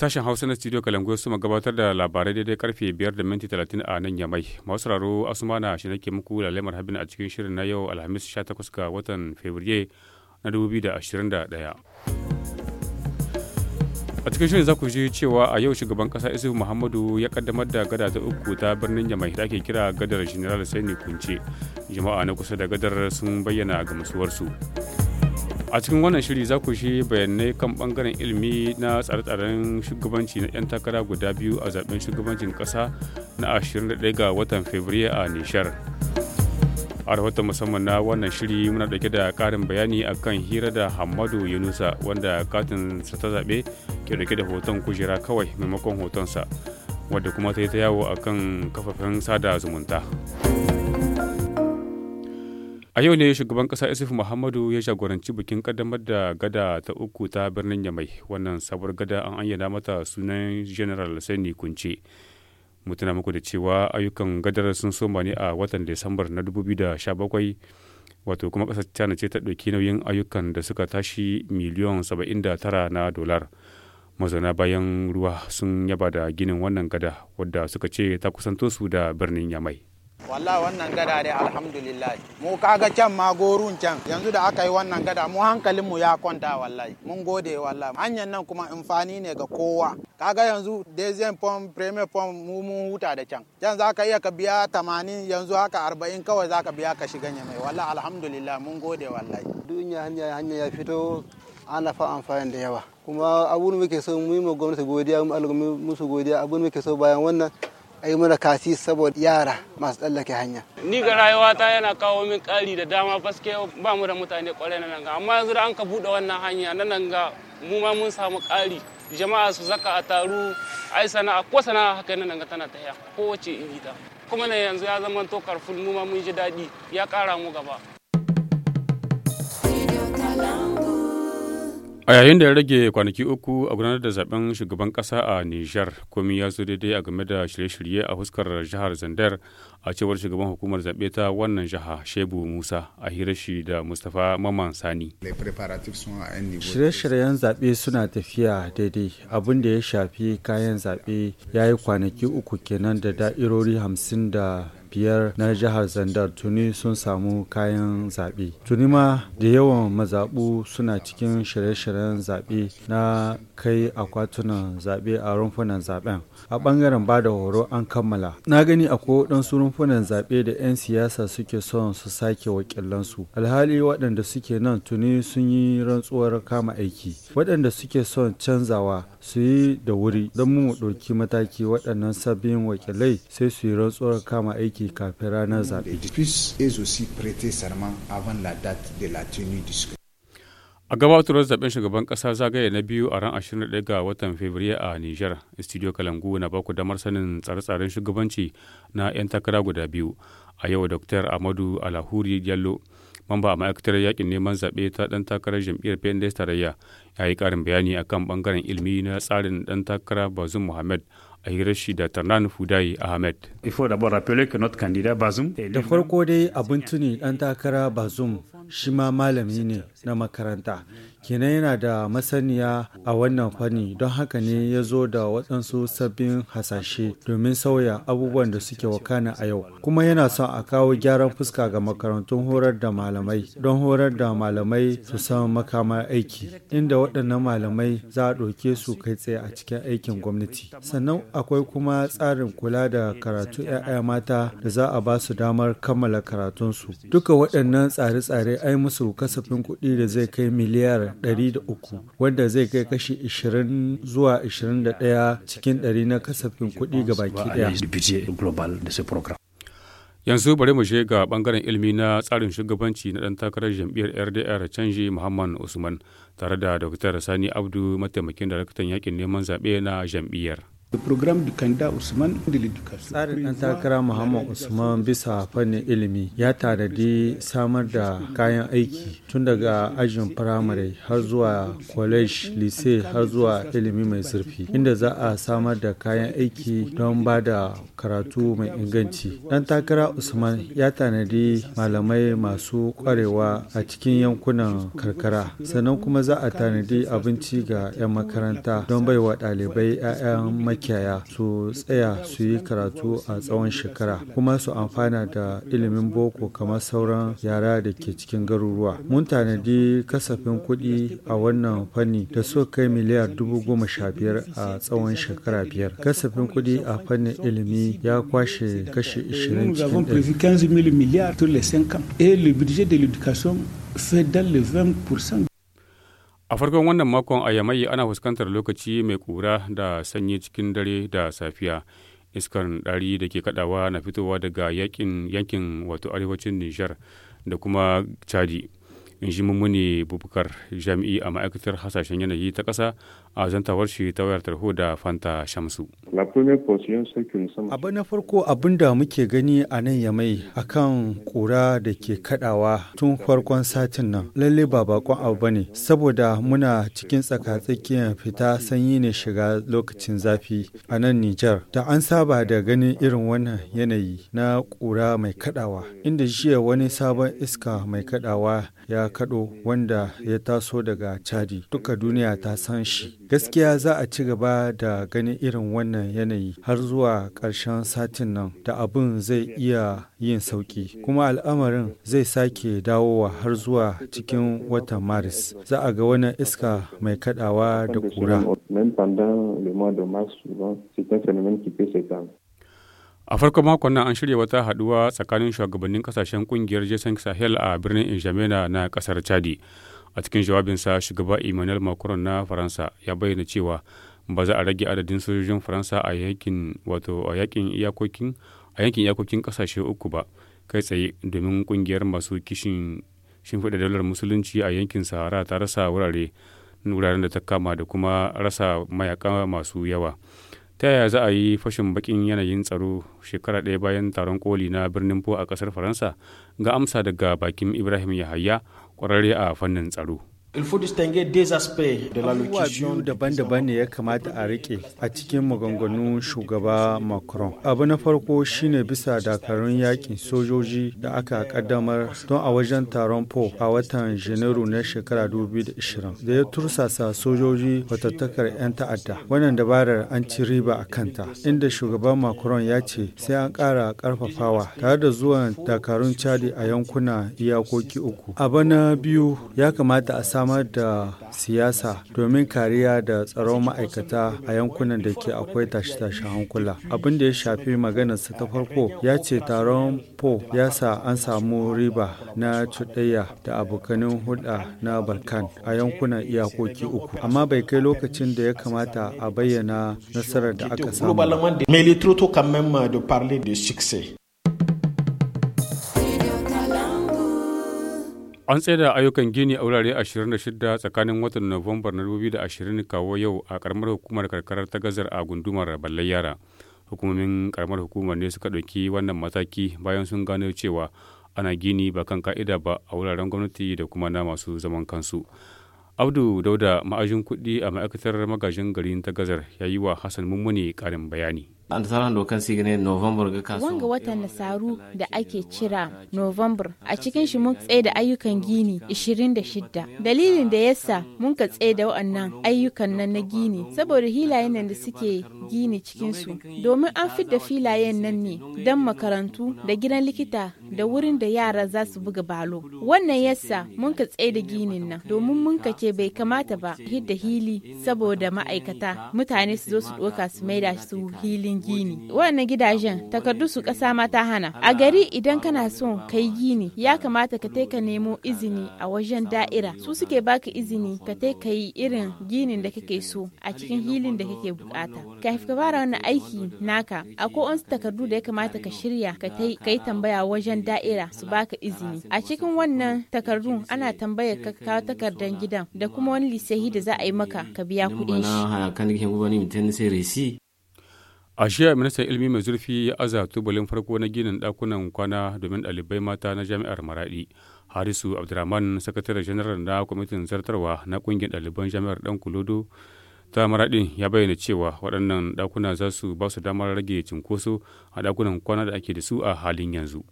Sashen Hausa na Studio Kalangoy ma gabatar da labarai daidai karfe 5 da minti 30 a nan Yamai. Masu raro Asumana shi nake muku lalemar habin a cikin shirin na yau Alhamis 18 ga watan Fabrairu na 2021. A cikin shirin za ku ji cewa a yau shugaban kasa Isu Muhammadu ya kaddamar da gada ta uku ta birnin Yamai da ake kira gadar General Sani Kunce. Jama'a na kusa da gadar sun bayyana gamsuwarsu. su. a cikin wannan shiri za ku shi bayanai kan bangaren ilimi na tsare-tsaren shugabanci na 'yan takara guda biyu a zaben shugabancin kasa na 21 ga watan fabrairu a nishar a rahoton musamman na wannan shiri muna dauke da karin bayani akan hira da hamadu yunusa wanda katin sa ta zaɓe ke dauke da hoton kujera kawai maimakon hotonsa wadda kuma ta yi ta yawo akan kafafen sada zumunta. A yau ne shugaban ƙasa Isuf Muhammadu ya jagoranci bikin kaddamar da gada ta uku ta birnin Yamai. Wannan sabuwar gada an ayyana mata sunan General Sani Kunce. Mu muku da cewa ayyukan gadar sun soma ne a watan Disambar na 2017 wato kuma ƙasar China ce ta ɗauki nauyin ayyukan da suka tashi miliyan 79 na dolar. Mazauna bayan ruwa sun yaba da ginin wannan gada wadda suka ce ta kusanto su da birnin Yamai. Wallah wannan gada dai alhamdulillah. Mu kaga can ma gorun can yanzu da aka yi wannan gada mu hankalin mu ya kwanta wallahi. Mun gode wallahi. Hanyar nan kuma amfani ne ga kowa. Kaga yanzu dezen pom premier pom mu mun huta da can. Can za ka iya ka biya tamanin yanzu haka arba'in kawai za ka biya ka shiga mai wallahi alhamdulillah mun gode wallahi. Duniya hanya hanya ya fito ana fa amfani da yawa. Kuma abun muke so mu yi ma gwamnati godiya mu musu godiya abun muke so bayan wannan a yi mana kasi saboda yara masu tsallake hanya. Ni ga ta yana kawo min kari da dama baske ba mu da mutane kwarai na nan ga amma yanzu da an ka buɗe wannan hanya na nan ga mu ma mun samu kari jama'a su zaka a taru ai sana'a ko sana'a haka nan ga tana tafiya kowace iri ta kuma ne yanzu ya zama to karfin mu ma mun ji daɗi ya ƙara mu gaba. A yayin da ya rage kwanaki uku a gudanar da zaben shugaban kasa a Nijar, komi ya zo daidai a game da shirye-shirye a fuskar jihar Zandar a cewar shugaban hukumar zaɓe ta wannan jiha Shebu Musa a hira shi da Mustapha Maman Sani. Shirye-shiryen zaɓe suna tafiya daidai abin da ya shafi kayan zaɓe ya yi kwanaki uku kenan da da'irori hamsin da biyar na jihar Zandar tuni sun samu kayan zaɓe. Tuni ma da yawan mazaɓu suna cikin shirye-shiryen zaɓe na kai akwatunan zaɓe a rumfunan zaɓen. A ɓangaren ba da horo an kammala. Na gani akwai waɗansu rumfunan zaɓe da 'yan siyasa suke son su sake wakilansu. Alhali waɗanda suke nan tuni sun yi rantsuwar kama aiki. Waɗanda suke son canzawa su yi da wuri don mu ɗauki mataki waɗannan sabbin wakilai sai su yi rantsuwar kama aiki aiki kafin ranar zaɓe. A gabatar zaben shugaban ƙasa zagaye na biyu a ran 21 ga watan Fabrairu a Nijar, Studio Kalangu na baku damar sanin tsare-tsaren shugabanci na 'yan takara guda biyu. A yau Dr. Amadu Alahuri Diallo, mamba a ma'aikatar yakin neman zaɓe ta ɗan takarar jam'iyyar PNDS tarayya, ya yi ƙarin bayani akan ɓangaren ilimi na tsarin ɗan takara Bazum Muhammad a da Tarnan Fudayi Ahmed. Da farko dai abin tuni ɗan takara Bazum shi ma malami ne na makaranta kenan yana da masaniya a wannan fanni don haka ne ya zo da waɗansu sabbin hasashe domin sauya abubuwan da suke wakana a yau kuma yana son a kawo gyaran fuska ga makarantun horar da malamai don horar da malamai su san makamar aiki inda waɗannan malamai za a ɗauke su kai tsaye a cikin aikin gwamnati sannan akwai kuma tsarin kula da karatu 'ya'ya mata da za a ba su damar kammala karatunsu duka waɗannan tsare-tsare ai musu kasafin kuɗi da zai kai miliyar miliyar 300 wanda zai kai kashi 20 zuwa 21 cikin 100 na kasafin kuɗi ga baki daya. Yanzu bari mu shiga bangaren ilimi na tsarin shugabanci na ɗan takarar jam'iyyar RDR canji Muhammad Usman tare da Dr. Sani Abdu mataimakin daraktan yakin neman zaɓe na jam'iyyar. Tsarin ɗan takara Muhammad Usman bisa fannin ilimi ya tanadi samar da kayan aiki tun daga ajin firamare har zuwa college lise har zuwa ilimi mai zurfi inda za a samar da kayan aiki don ba da karatu mai inganci. Ɗan takara Usman ya tanadi malamai masu ƙwarewa a cikin yankunan karkara sannan kuma za a tanadi abinci ga 'yan makaranta don baiwa ɗalibai 'ya'yan makiyaya su tsaya su yi karatu a tsawon shekara kuma su amfana da ilimin boko kamar sauran yara da ke cikin garuruwa mun tanadi kasafin kuɗi a wannan fanni da su kai miliyar dubu goma sha biyar a tsawon shekara biyar kasafin kuɗi a fannin ilimi ya kwashe kashi ishirin cikin ɗari. A farkon wannan makon a Yamai ana fuskantar lokaci mai kura da sanyi cikin dare da safiya. Iskar ɗari da ke kadawa na fitowa daga yankin wato arewacin Nijar da kuma Chadi. In shi mummuni bubukar jami'i a ma'aikatar hasashen yanayi ta ƙasa a zantawar shi ta wayar tarho da Fanta Shamsu. Abu na farko abin da muke gani a nan yamai akan kura da ke kadawa tun farkon satin nan lalle ba bakon abu ba ne saboda muna cikin tsakatsakiyar fita sanyi ne shiga lokacin zafi a nan Nijar da an saba da ganin irin wannan yanayi na kura mai kadawa inda jiya wani sabon iska mai kadawa ya kado wanda ya taso daga Chadi duka duniya ta san shi Gaskiya za a ci gaba da ganin irin wannan yanayi har zuwa ƙarshen satin nan da abin zai iya yin sauki Kuma al'amarin zai sake dawowa har zuwa cikin watan Maris. Za a ga wani iska mai kadawa da ƙura. a farkon makon nan an shirya wata haduwa tsakanin shugabannin kasashen kungiyar jason sahel a birnin injamena na kasar chadi a cikin jawabinsa shugaba emmanuel macron na faransa ya bayyana cewa ba za a rage adadin sojojin faransa a yankin wato a yakin iyakokin a yankin iyakokin kasashe uku ba kai tsaye domin kungiyar masu kishin shimfiɗa dalar musulunci a yankin sahara ta rasa wurare wuraren da ta kama da kuma rasa mayaka masu yawa ta yaya za a yi fashin bakin yanayin tsaro shekara ɗaya bayan taron koli na birnin po a ƙasar faransa ga amsa daga bakin ibrahim yahaya ƙwararre a fannin tsaro. il-43 Abubuwa biyu daban-daban ne ya kamata a riƙe a cikin maganganun shugaba Macron. Abu na farko shine bisa dakarun yakin sojoji da aka kaddamar don a wajen taron Po a watan Janairu na shekara 2020 da ya tursasa sojoji watattakar 'yan ta'adda. Wannan dabarar an ci riba a kanta, inda shugaban Macron ya ce sai an ƙara ƙarfafawa tare da zuwan dakarun Chadi a yankuna iyakoki uku. Abu na biyu ya kamata a sa samar da siyasa domin kariya da tsaron ma'aikata a yankunan da ke akwai tashe-tashen hankula. Abin da ya shafi maganarsa ta farko ya ce taron po ya sa an samu riba na cuɗayya da abokanin hulɗa na Balkan a yankunan iyakoki uku. Amma bai kai lokacin da ya kamata a bayyana nasarar da aka samu. An da ayyukan gini a wurare 26 tsakanin watan Nuwambar na 2020 kawo yau a karamar hukumar karkarar ta gazar a gundumar Ballai Yara. Hukumomin karamar hukumar ne suka ɗauki wannan mataki bayan sun gano cewa ana gini ba kan ka'ida ba a wuraren gwamnati da kuma na masu zaman kansu. Abdu Dauda ma'ajin kuɗi a ma'aikatar magajin garin ta gazar ya yi wa Hassan Mummuni ƙarin bayani. wanga watan nasaru da ake cira november a cikin shi mun tsaye da ayyukan gini 26 dalilin da yasa mun ka tsaye da waɗannan ayyukan nan na gini saboda hilayen nan da suke gini cikinsu domin an fidda filayen nan ne don makarantu da gidan likita da wurin da yara za su buga balo wannan yasa mun ka tsaye da ginin nan domin mun ka ce bai kamata ba hidda hili saboda ma'aikata mutane su zo su ɗoka su maida su hilin gini wannan gidajen takardu su kasa mata hana a gari idan kana son kai gini ya kamata ka tai ka nemo izini a wajen da'ira su suke baka izini ka tai ka yi irin ginin da kake so a cikin hilin da kake bukata kafin ka fara wannan aiki naka akwai wasu takardu da ya kamata ka shirya ka kai yi tambaya wajen da'ira su baka izini a cikin wannan takardun ana tambayar ka kawo takardar gidan da kuma wani lissahi da za a yi maka ka biya kuɗin A shiya ministan ilimi mai zurfi ya aza tubalin farko na ginin dakunan kwana domin ɗalibai mata na jami'ar Maradi. Harisu Abdurrahman, sakataren janar na kwamitin zartarwa na ƙungiyar ɗaliban jami'ar dan Kulodo ta Maradi ya bayyana cewa waɗannan ɗakuna za su ba su damar rage cinkoso a ɗakunan kwana da ake da su a halin yanzu.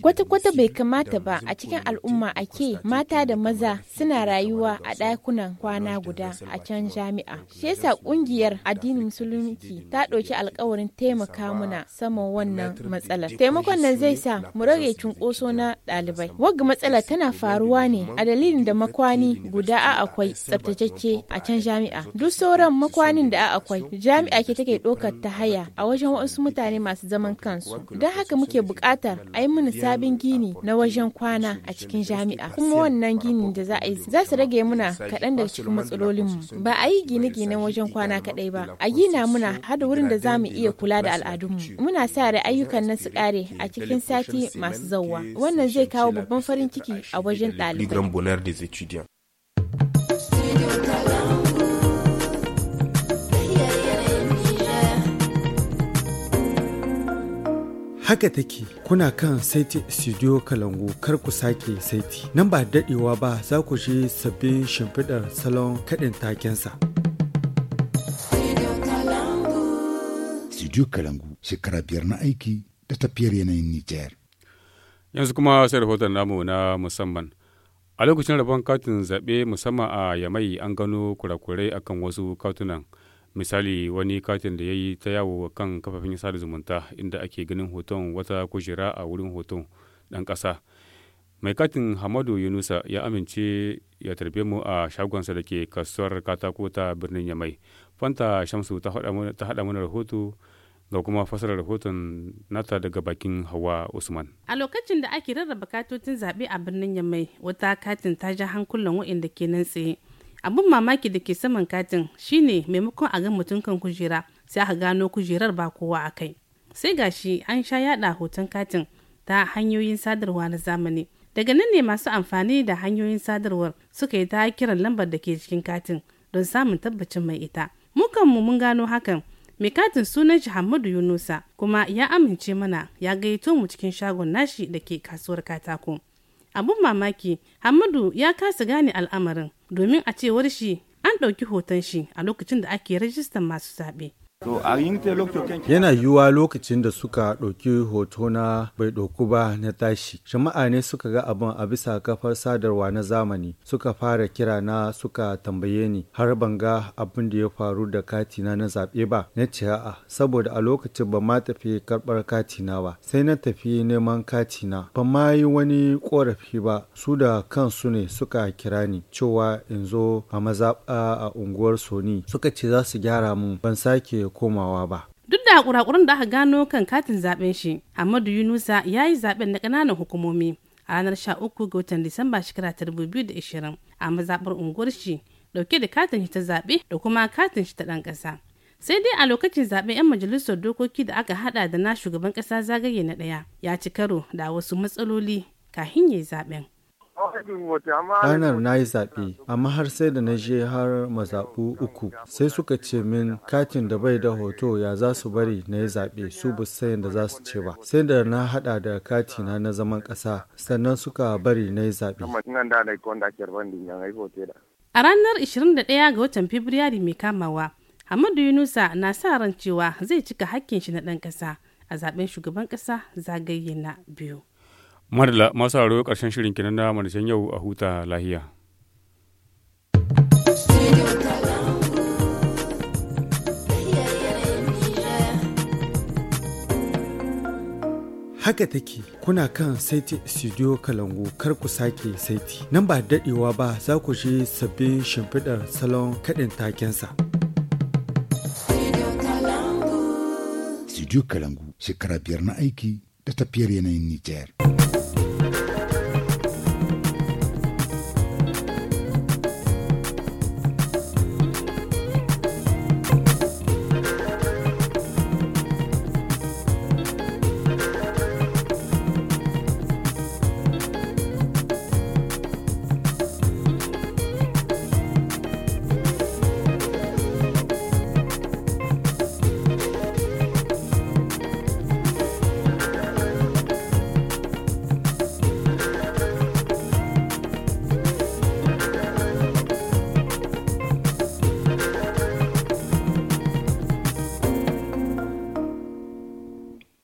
Kwata-kwata bai kamata ba a cikin al'umma ake mata da maza suna rayuwa a ɗakunan kwana guda a can jami'a. Shi yasa ƙungiyar addinin musulunci ta ɗauki alkawarin taimaka muna saman wannan matsalar. Taimakon nan zai sa mu rage cunkoso na ɗalibai. Wagga matsalar tana faruwa ne a dalilin da makwani guda a akwai tsaftatacce a can jami'a. Duk sauran makwanin da a akwai jami'a ke take ɗaukar ta haya a wajen wasu mutane masu zaman kansu. Don haka muke bukatar ayi yi sabin gini na wajen kwana a cikin jami'a kuma wannan gini da za a yi za su rage muna kaɗan da cikin matsalolinmu ba a yi gine gine wajen kwana kaɗai ba a gina muna hada wurin da za mu iya kula da al'adunmu muna sa da ayyukan na su kare a cikin sati masu zauwa wannan zai kawo babban farin ciki a wajen ɗalibai haka take kuna kan saiti studio kalangu kar ku sake saiti nan ba dadewa ba za ku shi sabbin shimfiɗar salon kaɗin takensa. studio kalangu shekara biyar na aiki da tafiyar yanayin nijar. yanzu kuma sai rahoton namu na musamman a lokacin rabon katin zaɓe musamman a yamai an gano kurakurai akan wasu katunan misali wani katin da ya yi ta yawo kan kafafen sada zumunta inda ake ganin hoton wata kujera a wurin hoton ɗan ƙasa mai katin hamadu yunusa ya amince ya tarbe mu a shagonsa da ke kasuwar katako ta birnin yamai fanta shamsu ta haɗa mana rahoto ga kuma fasarar rahoton nata daga bakin hawa usman a lokacin da ake rarraba katotin zaɓe a birnin yamai wata katin ta ja hankulan waɗanda ke nan tsaye abin mamaki da ke saman katin shine maimakon a ga mutum kan kujera sai aka gano kujerar ba kowa a kai sai gashi an sha yada hoton katin ta hanyoyin sadarwa na zamani daga nan ne masu amfani da hanyoyin sadarwar suka yi ta kiran lambar da ke cikin katin don samun tabbacin mai ita mu kanmu mun gano hakan mai katin sunan shi hamadu yunusa kuma ya amince mana ya gayyato mu cikin shagon nashi da ke kasuwar katako abun mamaki hamadu ya kasa gane al'amarin domin a cewar shi an ɗauki hoton shi a lokacin da ake rajistan masu zaɓe Yana yiwuwa lokacin da suka ɗauki hoto na bai ɗauku ba na tashi. Jama'a ne suka ga abin a bisa kafar sadarwa na zamani suka fara kira na suka tambaye ni har ban ga abin da ya faru da katina na zaɓe ba. Na ce a'a saboda a lokacin ban ma tafi karɓar katina ba sai na tafi neman katina. Ban ma yi wani ƙorafi ba su da kansu ne suka kira ni cewa in zo a mazaɓa a unguwar Soni suka ce za su gyara mun ban sake komawa ba duk da kurakuran da aka gano kan katin zaben shi hamadu yunusa ya yi zaben na ƙananan hukumomi a ranar 13 ga watan disamba shekara ta 2020 a mazaɓar unguwar shi dauke da katin shi ta zaɓe da kuma katin shi ta ɗan ƙasa sai dai a lokacin zaɓen 'yan majalisar dokoki da aka haɗa da na shugaban ƙasa zagaye na ɗaya ya ci karo da wasu matsaloli kahin yayi zaɓen Ranar na yi zaɓe, amma har sai da na je har mazaɓu uku sai suka ce min katin da bai da hoto ya za su bari na yi zaɓe su ba da za su ce ba. Sai da na haɗa da katina na zaman ƙasa sannan suka bari na yi zaɓe. A ranar 21 ga watan Fabrairu mai kamawa, Hamadu Yunusa na sa ran cewa zai cika hakkin shi na ɗan ƙasa a zaɓen shugaban ƙasa zagaye na biyu. Madala masu haro ƙarshen shirin kinan na madashin yau a huta lahiya. haka take kuna kan saiti studio kalangu kar ku sake saiti nan ba daɗewa ba za ku je sabbin shimfiɗar salon kaɗin takensa. studio kalangu shekara biyar na aiki da tafiyar yanayin nijar.